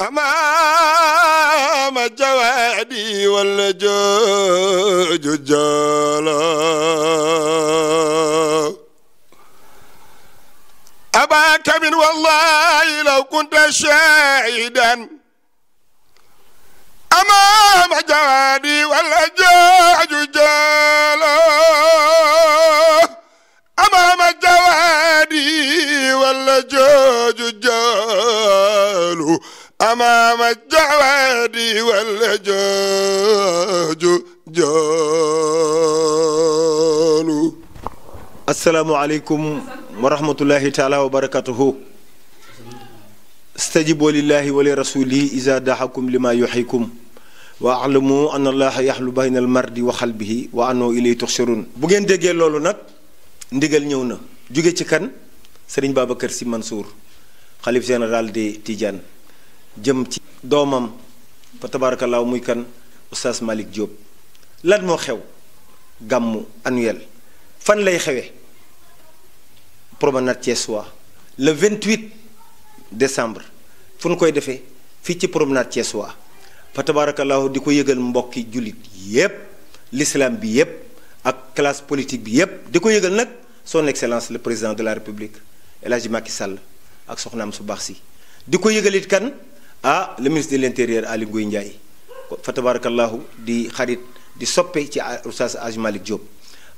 أمام الجوادي والجوج جالا أباك من والله لو كنت شاهدا أمام جوادي والجوج جالا أمام جوادي والجوج جالا أمام الدعوات والجوج جول السلام عليكم ورحمة الله تعالى وبركاته استجيبوا لله ولرسوله إذا دعاكم لما يحييكم واعlamu an allaha yaxlu bayna al wa xalbihi wa anoo ilay tuxsharun bu ngeen déggee loolu nag ndigal ñëw na jóge ci kan sëriñ Babacar Sy Mansour xalif général de Tidiane jëm ci doomam fa tabaarakallaahu muy kan oustaz Malick Diop lan moo xew gàmmu annuel fan lay xewee promenade Thiès waa le 28 décembre fu nu koy defee fii ci promenade Thiès waa fa tabaarakallaahu di ko yëgal mbokki jullit yépp l'islam bi yépp ak classe politique bi yépp di ko yëgal nag son excellence le président de la république El Hadji Macky Sall ak soxnaam su baax si di ko yëgalit kan ah le ministre de l' intérieur Aly Ngouille Ndiaye fa tabarakallahu di xarit di soppe ci oustaz Hadj Malick Diop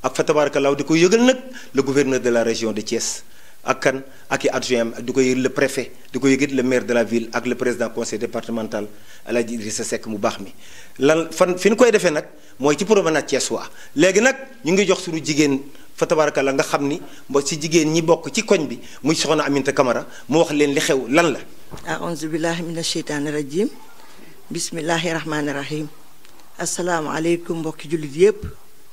ak fa tabarakallahu di ko yëgal nag le gouverneur de la région de Thiès ak kan ak at adjoint am di ko yëg le préfet di ko yëgit le maire de la ville ak le président conseil départemental El Hadj sa sekk mu baax mi lan fan fi ñu koy defee nag mooy ci promenade Thiès waa léegi nag ñu ngi jox suñu jigéen fa la nga xam ni mbo ci jigéen ñi bokk ci koñ bi muy soxna Aminta Camara mu wax leen li xew lan la aouzu billahi mina sheytaani rajim bismillahi rahmaani rahim aleykum mbokki jullit yépp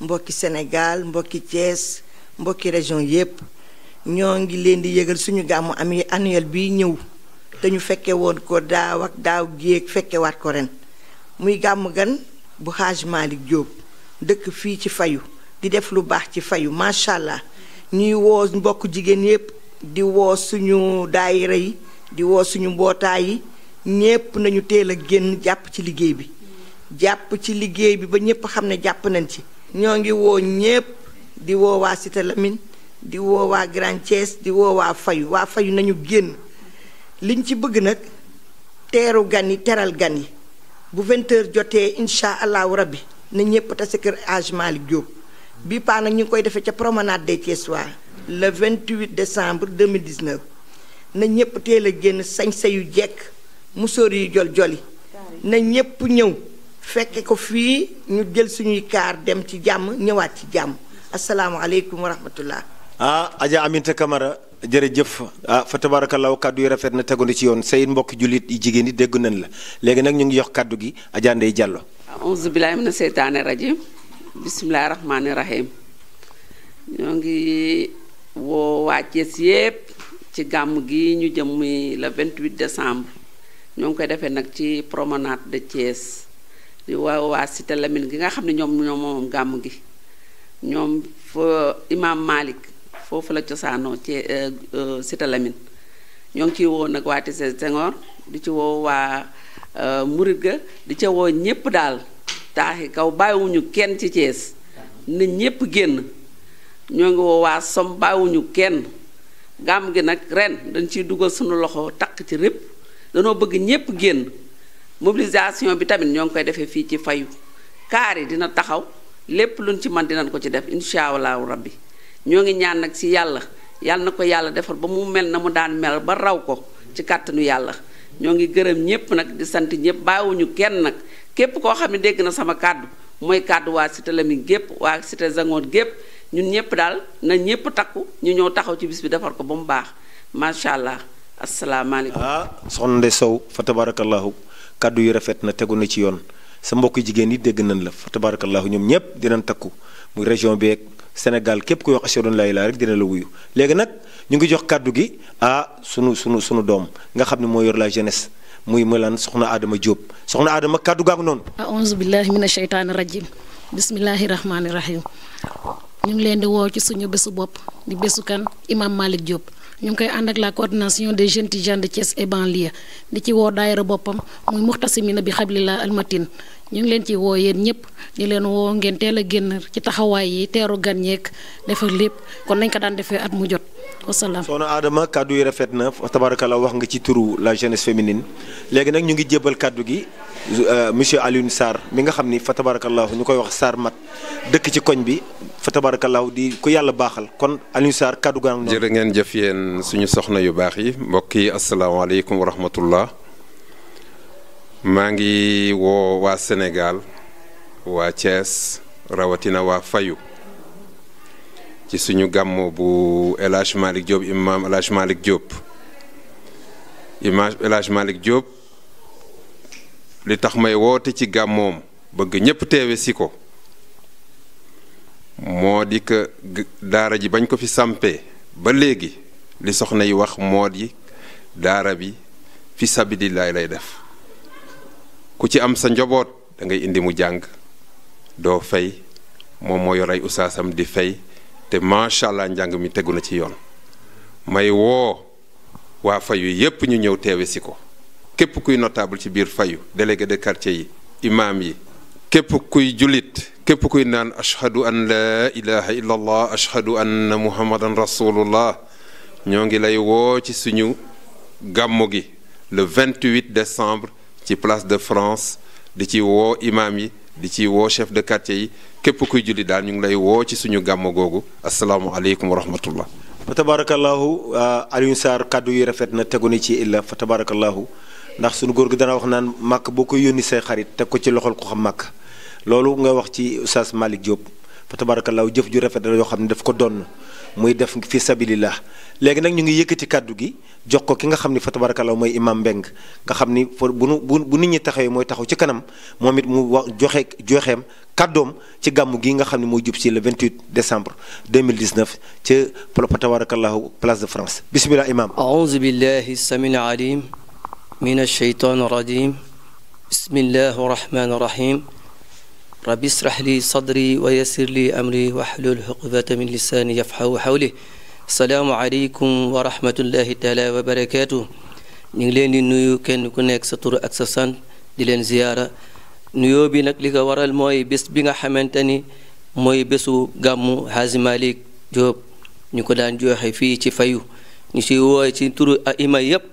mbokki Sénégal mbokki Thiès mbokki région yépp ñoo ngi leen di yëgal suñu gàmmu am annuel bi ñëw te ñu fekke woon ko daaw ak daaw géeg fekkewaat ko ren muy gàmmu gan bu Haaj Malick Diop dëkk fii ci fayu di def lu baax ci fayu macha allah ñuy woo mbokk jigéen yépp di woo suñu daayira yi di woo suñu mbootaay yi ñépp nañu teel a génn jàpp ci liggéey bi jàpp ci liggéey bi ba ñépp xam ne jàpp nañ ci ñoo ngi woo ñépp di woo waa Cité di woo waa Grand Thiès di woo waa Fayu waa Fayu nañu génn liñ ci bëgg nag teeru gan yi teral gan yi bu vingt jotee incha allahu rabbi na ñépp tase kër Hadj Malick Diop bi paa nag ñu ngi koy defee ca promenade des Thiessois le 28 décembre 2019 na ñépp teel a génn sañse yu jekk musóor yu jol joli na ñépp ñëw fekke ko fii ñu jël suñuy kaar dem ci jàmm ñëwaat ci jàmm asalaamaaleykum aleykum rahmatullah ah Adja Aminta Camara jërëjëf ah fa tabaarakallaahu kàddu yi rafet na tegundi ci yoon say mbokki jullit yi jigéen yi dégg nañ la léegi nag ñu ngi yox kàddu gi Adja Ndeye Diallo auzu billaahi mina seytaane rajim bismillaahi rahmaani rahim ñoo ngi woo waa Cees yépp ci gàmm gi ñu jëm muy le 28 décembre ñoo ngi koy defee nag ci promenade de Thiès di waa waa Lamine gi nga xam ne ñoom ñoom moom gàmm gi ñoom fa Imam Malik foofu la cosaanoo ci euh, euh, cité Lamine ñoo ngi ciy woo nag waa Tise di ci woo waa euh, Murit ga di ca woo ñépp daal taaxi kaw bàyyiwuñu kenn ci Thiès na ñépp génn ñoo ngi woo waa bàyyiwuñu kenn gàmm gi nag ren dañ ciy dugal suñu loxo takk ci répp danoo bëgg ñépp génn mobilisation bi tamit ñoo ngi koy defee fii ci fayu kaar yi dina taxaw lépp luñ ci man dinañ ko ci def incha allahu rabbi ñoo ngi ñaan nag si yàlla yàlla na ko yàlla defar ba mu mel na mu daan mel ba raw ko ci kàttanu yàlla ñoo ngi gërëm ñépp nag di sant ñépp baawuñu kenn nag képp koo xam ne dégg na sama kàddu mooy kàddu waa Cité gépp waa Cité Zangoon gépp ñun ñëpp daal na ñëpp takku ñu ñëw taxaw ci bis bi defar ko ba mu baax macha allah asalaamaaleykum. ah soxna Ndeye Sow fa tabaarakallaahu kàddu yu rafet na tegu na ci yoon sa mbokk jigéen yi dégg nañ la fa tabaarakallaahu ñoom ñëpp dinañ takku muy région beeg Sénégal képp kuy wax ashhadu an laa ilaaha rek dina la wuyu léegi nag ñu ngi jox kàddu gi ah sunu sunu sunu doom nga xam ne moo yor la jeunesse. muy melan soxna Adama Diop soxna Adama kàddu gaag noonu. aouzu billahi mina shaytaani rajim bismillahi rahmaani rahim ñu ngi leen di woo ci suñu bésu bopp di bésu kan imam Malick Diop ñu ngi koy ànd ak la coordination des jeunes tidianes de Thiès et banlieue di ci woo daayira boppam muy muxtasimina bi xablillah almatin ñu ngi leen ci woo yéen ñëpp di leen woo ngeen teel a génn ci taxawaay yi teeru gan yeeg defar lépp kon nañ ko daan defee at mu jot. wasalaam soxna Adama kàddu yi rafet na tabaarakalla wax nga ci turu la jeunesse féminine léegi nag ñu ngi jébbal kàddu gi euh, monsieur Alioune sar mi nga xam ni fa tabaarakalla ñu koy wax Sarr mat dëkk ci koñ bi fa tabaarakalla di ku yàlla baaxal kon Alioune Sarr kàddu gaa ngi jërë ngeen jëf yéen suñu soxna yu baax yi mbokk yi asalaamaaleykum wa rahmatullah maa ngi woo waa Sénégal waa Thiès rawatina waa Fayu ci suñu gàmmu bu El Hadj Malick Diop imam El Hadj li tax may woote ci gàmmoom bëgg ñépp teewe si ko moo di que daara ji bañ ko fi sampee ba léegi li soxna yi wax moo di daara bi fi sabilillahi lay def ku ci am sa njaboot dangay indi mu jàng doo fay moom moo yor ay usaasam di fay te macha allah njàng mi tegu na ci yoon may woo waa fayu yépp ñu ñëw teewe si ko képp kuy notable ci biir fayu délégué de quartier yi imaam yi képp kuy jullit képp kuy naan ashhadu an laa ilaha illa allah ashhadu anna muhammadan rasulullah ñoo ngi lay woo ci suñu gàmmu gi le 28 décembre ci place de France di ci woo imaam yi di ci woo chef de quartier yi képp kuy julli daal ñu ngi lay woo ci suñu gàmm googu asalaamualeykum wa rahmatullah fa tabarakallahu euh, Alioune Sarr kàddu yi rafet na tegu ni ci illa fa tabarakallahu ndax suñu góor gi dana wax naan màkk boo koy yónni say xarit teg ko ci loxol ko xam màkk loolu nga wax ci Oustaz Malick Diop fa tabaarakallaahu jëf ju rafet la yoo xam ne daf ko donn muy def fi sabilillah léegi nag ñu ngi yëkkati kàddu gi jox ko ki nga xam ni fa tabaarakallaahu mooy imam Mbeng nga xam ni fa bu bu nit ñi taxawee mooy taxaw ci kanam moom it mu wax joxe joxeem kàddoom ci gàmm gi nga xam ne mooy jub si le 28 décembre 2019 ca fa tabaarakallaahu place de France bismillah imam aouzu billahi samil alim min alsheytan rajim bismillah rahman rahim rabbi israh li sadri wa yassir li amri wahlul uqdata min lisaani yafqahu qawli salaamu aleykum wa rahmatullahi taala wa barakaatu ñu ngi leen di nuyu kenn ku nekk sa tur ak sa sant di leen ziyaara nuyoo bi nag li ko waral mooy bés bi nga xamante ni mooy bésu gàmmu Haaji Malick ñu ko daan joxe fii ci fayu ñu si wooye ci turu a ima yépp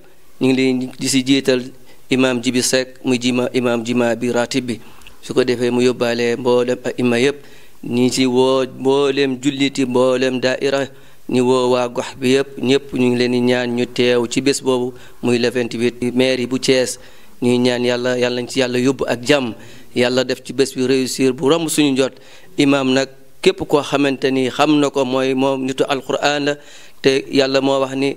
ñu ngi leen di si jiital imaam jibi Seck mu jima imaam jima bi ratib bi su ko defee mu yóbbaale mboolem a imma yëpp ñi ci woo mboolem julliti mboolem daaira ñi woo waa gox bi yëpp ñëpp ñu ngi leen di ñaan ñu teew ci bés boobu muy le 28 mairie bu cees ñuy ñaan yàlla yàlla nañ ci yàlla yóbbu ak jàmm yàlla def ci bés bi réussir bu romb suñu njot imaam nag képp koo xamante ni xam na ko mooy moom nitu alquran la te yàlla moo wax ni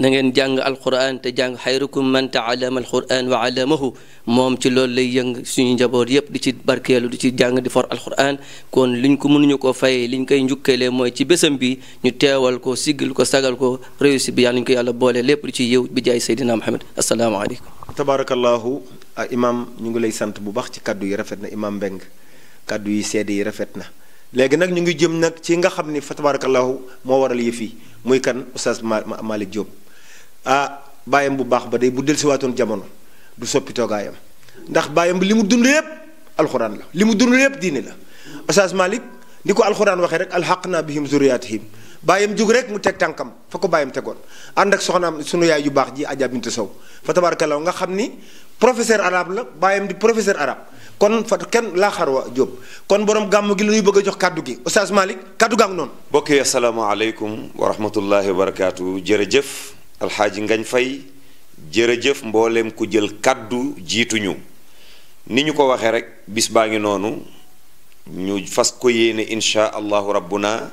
na ngeen jàng alquran te jàng xayrukum man taallama alquran wa allamahu moom ci loolu lay yëng suñu njaboot yépp di ci barkeelu di ci jàng di for alquran kon liñ ko mënuñu ko fayee liñ koy njukkalee mooy ci bésam bi ñu teewal ko siggil ko sagal ko réussi bi yàlla ñu ko yàlla boole lépp di ci yëw bi jaay seydina muhammad asalaamaaleykum tabarakallahu ah, imam ñu ngi lay sant bu baax ci kaddu yi rafet na imam mbeng kaddu yi seede yi rafet na léegi nag ñu ngi jëm nag ci nga xam ni fa tabarakallahu moo waral yëf yi muy kan oustaz Malick Diop ah bàyyam bu baax ba day bu dellusiwaatoon jamono du soppi toogaayam ndax bàyyam bi li mu dund yëpp alxuraan la li mu dund yëpp diine la oustaz Malick ni ko alxuraan waxee rek alxaq naa bi bihim zuriyatihim bàyyam jug rek mu teg tànkam fa ko bàyyam tegoon ànd ak soxnaam sunu yaay yu baax ji Adja Bintou Sow fa tabaarakallaa nga xam ni professeur arabe la bàyyam di professeur arabe kon fa kenn laa xarwa Jóob kon boroom gàmm gi la ñuy bëgg a jox kàddu gi Oustaz Malick kàddu gaa ngi noonu. mbokk yi asalaamaaleykum wa rahmatullahi wa barakaatu jërëjëf Alxaaji Ngañ Fay jërëjëf mboolem ku jël kàddu jiituñu ni ñu ko waxee rek bis baa ngi noonu ñu fas ko yéene incha allahu rabbuna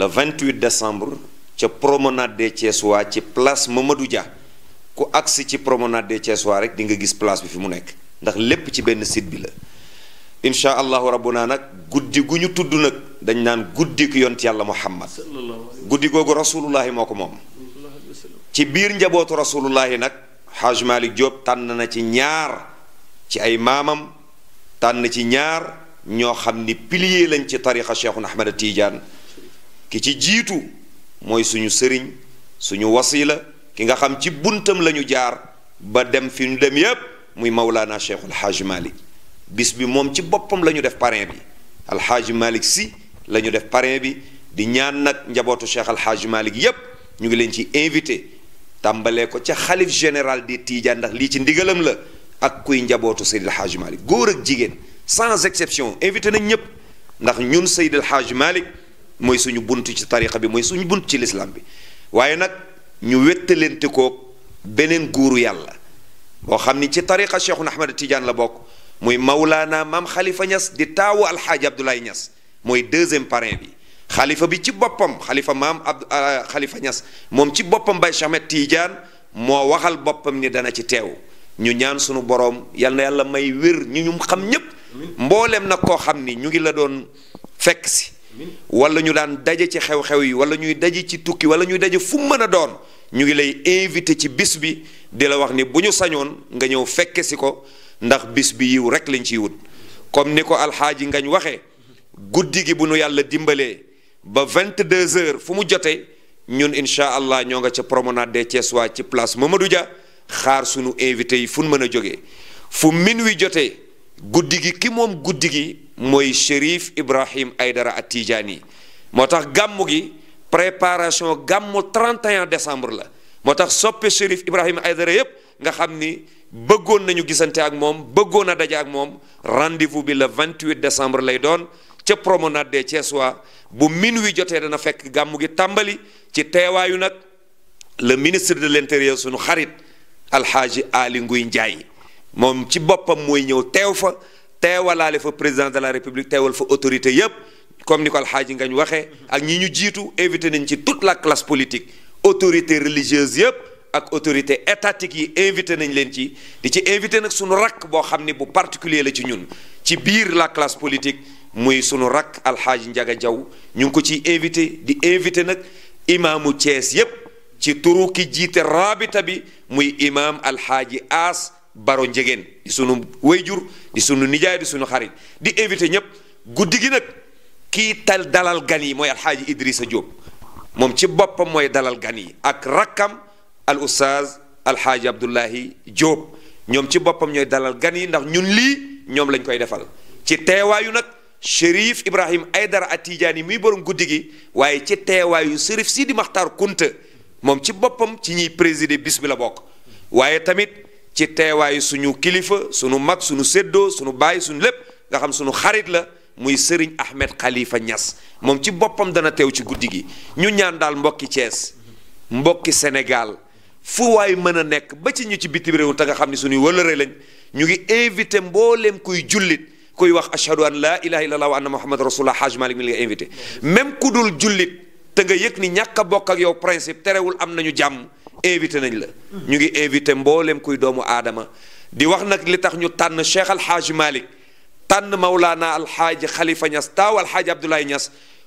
le 28 décembre ca promenade des Thiessois ci place Mamadou Dia ku agsi ci promenade des Thiessois rek di nga gis place bi fi mu nekk ndax lépp ci benn site bi la incha allahu naa nag guddi gu ñu tudd nag dañ naan guddi ku yont yàlla muhammad guddi googu rasulullahi moo ko moom ci biir njabootu rasulullahi nag xaaj Malick Diop tànn na ci ñaar ci ay maamam tànn ci ñaar ñoo xam ni pilier lañ ci tariqa cheikhun ahmad a tiijaan ki ci jiitu mooy suñu sëriñ suñu wasila ki nga xam ci buntam lañu jaar ba dem fi ñu dem yépp muy Maulana Cheikh El Hadj Malick bis bi moom ci boppam la ñu def parrain bi El Hadj Malick si la ñu def parrain bi di ñaan nag njabootu Cheikh El Hadj yépp ñu ngi leen ci invité tàmbalee ko ca xalif général di Tidiane ndax lii ci ndigalam la ak kuy njabootu Seydil Hadj Malick góor ak jigéen sans exception invité nañ ñépp ndax ñun Seydil Hadj Malick mooy suñu bunt ci tarixa bi mooy suñu bunt ci lislaam bi waaye nag ñu wéttalente koog beneen guuru yàlla boo xam ni ci tarixa Cheikhuna Ahmad Tidiane la bokk muy Maulana maam xalifa ñas di taawu alxaaji Abdoulaye ñas mooy deuxième parrain bi xalifa bi ci boppam xalifa maam Abd xalifa euh, Niass moom ci boppam Baye Cheikh Ahmad moo waxal boppam ni dana ci teew ñu ñaan suñu boroom yal yàlla may wér ñu ñu xam ñépp mboolem nag koo xam ni ñu ngi la doon fekk si wala ñu daan daje ci xew-xew yi wala ñuy daje ci tukki wala ñuy daje fu mën a doon ñu ngi lay invité ci bis bi di la wax ni bu ñu sañoon nga ñëw fekke si ko ndax bis bi yiw rek lañ ciy wut comme ni ko alxaaji ñu waxee guddi gi bu nu yàlla dimbalee ba deux heures fu mu jotee ñun incha allah ñoo nga ca promenade des Thiessois ci place Mamadou Dia xaar sunu invité yi fu nu mën a jógee fu min wi jotee guddi gi ki moom guddi gi mooy Chérif Ibrahim Aydara At-Tijaani moo tax gàmmu gi préparation gàmmu 31 decembre la moo tax soppe Chérif Ibrahim Aydara yépp nga xam ni bëggoon nañu gisante ak moom bëggoon na daje ak moom rendez-vous bi le 28 décembre lay doon ca promenade des Thiessois bu minuit jotee dana fekk gàmmu gi tàmbali ci teewaayu nag le ministre de l'intérieur sunu xarit alxaaji Ali Nguy Ndiaye moom ci boppam mooy ñëw teew fa teewalaale fa président de la république teewal fa autorité yépp comme ni ko alxaaji ngañ waxee ak ñi ñu jiitu invité nañ ci tout la classe politique autorité religieuse yépp ak autorité étatique yi invité nañ leen ci di ci invité nag sunu rakk boo xam ne bu particulier la ci ñun ci biir la classe politique muy sunu rakk alxaaji njaga jaw ñu ngi ko ci invité di invité nag imaamu Thiès yépp ci turu ki jiite rabita bi muy imaam alxaaji aas baro njegeen di sunu wayjur di sunu nijaay di sunu xarit di invité ñëpp guddi gi nag kii tal dalal gan yi mooy alxaaji Idrissa Diop moom ci boppam mooy dalal gan yi ak rakkam al ustaaz alxaaji Abdullahi Diop ñoom ci boppam ñooy dalal gan yi ndax ñun lii ñoom lañ koy defal ci teewaayu nag Chérif Ibrahim Aydara Atijaani muy borom guddi gi waaye ci teewaayu Chérif Sidi Maxtaar Kunta moom ci boppam ci ñiy présider bis bokk waaye tamit. ci teewaayu suñu kilifa suñu mag suñu seddoo suñu baay suñu lépp nga xam suñu xarit la muy Serigne Ahmed Khalifa Niass moom ci boppam dana teew ci guddi gi ñu ñaan daal mbokki Thiès mbokki Sénégal fu waay mën a nekk ba ci ñu ci bitim réew te nga xam ne suñuy wëlëre lañ ñu ngi invité mboolem kuy jullit kuy wax ashhadu an laa ilaha la wa anna muhammad rasulullah haj malik mi invité même ku dul jullit te nga yëg ni ñàkk a bokk ak yow principe terewul am nañu jàmm invité nañ la. ñu ngi invité mbooleem kuy doomu aadama di wax nag li tax ñu tànn Cheikh Al Hadj Malick tànn Maulana Al Hadj Khalifa Niass taaw Al Hadj Abdoulaye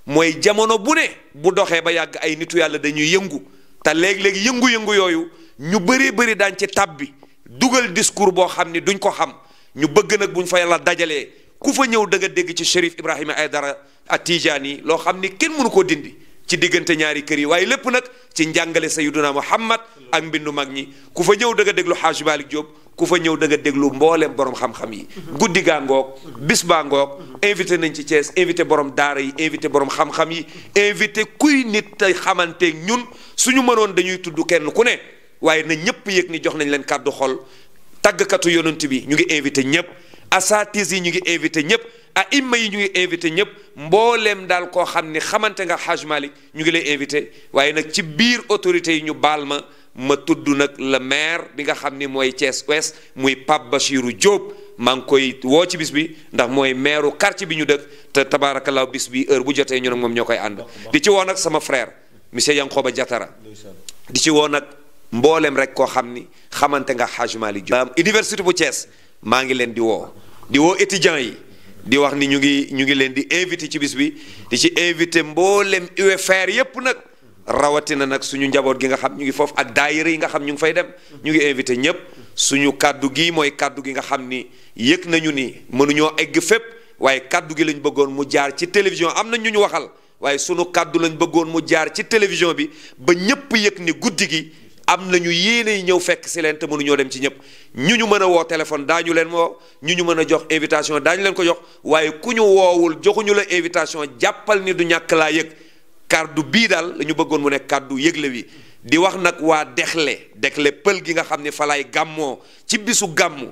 mooy jamono bu ne bu doxee ba yàgg ay nitu yàlla dañuy yëngu te léeg-léeg yëngu-yëngu yooyu ñu bëree bëri daan ci tab bi dugal discours boo xam ni duñ ko xam ñu bëgg nag buñ fa yàlla dajalee ku fa ñëw dëgg dégg ci Chérif Ibrahima Aydara at yi loo xam ni kenn mënu ko dindi. ci diggante ñaari kër yi waaye lépp nag ci njàngale sayyiduna muhammad ak mbindu mag ñi ku fa ñëw da nga déglu xaaju Malick Diop ku fa ñëw da nga déglu mbooleem borom xam-xam yi guddi gaa ngoog bis ngoog invité nañ ci Thiès invité borom daara yi invité borom xam-xam yi invité kuy nit te xamanteeg ñun suñu mënoon dañuy tudd kenn ku ne waaye na ñëpp yëg ni jox nañ leen kàddu xol tàggkatu yonent bi ñu ngi invité ñëpp asatis yi ñu ngi invité ñëpp a imma yi ñu ngi invité ñëpp mbooleem daal koo xam ni xamante nga Hajj Malick ñu ngi lay invité waaye nag ci biir autorités yi ñu baal ma ma tudd nag le maire bi nga xam ni mooy Thiès Ouest muy Pape Bachirou Diop maa ngi koy woo ci bis bi ndax mooy maireu quartier bi ñu dëkk te tabaarakallaahu bis bi heure bu jotee ñu nag moom ñoo koy ànd di ci woo nag sama frère monsieur Yankoba Diatara di ci woo nag mbooleem rek koo xam ni xamante nga Hajj Malick Diop université bu Thiès maa ngi leen di woo di woo étudiants yi di wax ni ñu ngi ñu ngi leen di invité ci bis bi di ci invité mboolem UFR yépp nag rawatina nag suñu njaboot gi nga xam ñu ngi foofu ak daayira yi nga xam ñu ngi fay dem ñu ngi invité ñépp suñu kàddu gi mooy kàddu gi nga xam ni yëg nañu ni mënuñoo egg fépp waaye kàddu gi lañ bëggoon mu jaar ci télévision am na ñu ñu waxal waaye sunu kàddu lañ bëggoon mu jaar ci télévision bi ba ñépp yëg ni guddi gi am nañu yéene ñëw fekk si leen te mënuñoo dem ci ñëpp ñu ñu mën a woo téléphone daañu leen woo ñu ñu mën a jox invitation daañu leen ko jox waaye ku ñu woowul joxuñu la invitation jàppal ni du ñàkk laa yëg kàddu bii daal la bëggoon mu nekk kàddu yëgle wi di wax nag waa Dexle Dexle pël gi nga xam ne falaay gàmmoo ci bisu gàmmu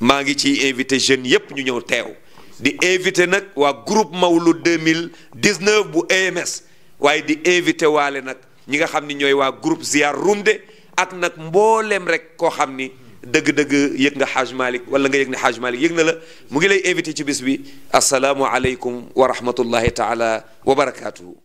maa ngi ciy invité jeunes yépp ñu ñëw teew di invité nag waa groupe Mawlud 2019 bu EMS waaye di invité waale nag ñi nga xam ni ñooy waa groupe ziar Rumde ak nag mbooleem rek koo xam ni dëgg-dëgg yëg nga Haj Malick wala nga yëg ne Haj Malick yëg na la mu ngi lay invité ci bis bi asalaamualeykum wa rahmatullahi taala wa barakaatuhu.